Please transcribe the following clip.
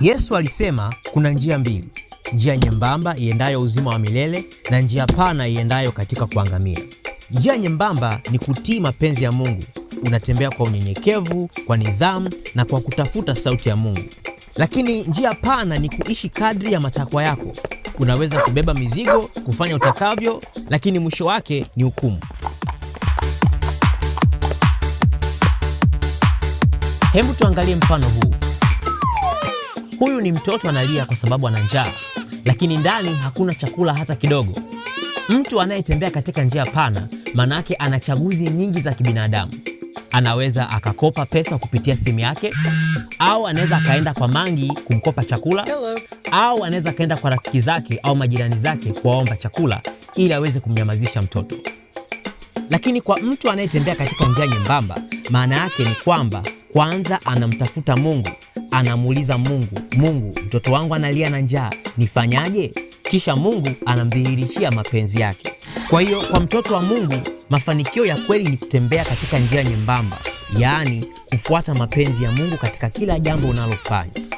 Yesu alisema kuna njia mbili, njia nyembamba iendayo uzima wa milele na njia pana iendayo katika kuangamia. Njia nyembamba ni kutii mapenzi ya Mungu, unatembea kwa unyenyekevu, kwa nidhamu na kwa kutafuta sauti ya Mungu. Lakini njia pana ni kuishi kadri ya matakwa yako. Unaweza kubeba mizigo, kufanya utakavyo, lakini mwisho wake ni hukumu. Hebu tuangalie mfano huu. Huyu ni mtoto analia kwa sababu ana njaa, lakini ndani hakuna chakula hata kidogo. Mtu anayetembea katika njia pana, manake ana chaguzi nyingi za kibinadamu. Anaweza akakopa pesa kupitia simu yake, au anaweza akaenda kwa mangi kumkopa chakula Hello. au anaweza akaenda kwa rafiki zake au majirani zake kuwaomba chakula ili aweze kumnyamazisha mtoto. Lakini kwa mtu anayetembea katika njia nyembamba, maana yake ni kwamba kwanza anamtafuta Mungu anamuuliza Mungu, Mungu, mtoto wangu analia na njaa, nifanyaje? Kisha Mungu anamdhihirishia mapenzi yake. Kwa hiyo kwa mtoto wa Mungu, mafanikio ya kweli ni kutembea katika njia nyembamba, yaani kufuata mapenzi ya Mungu katika kila jambo unalofanya.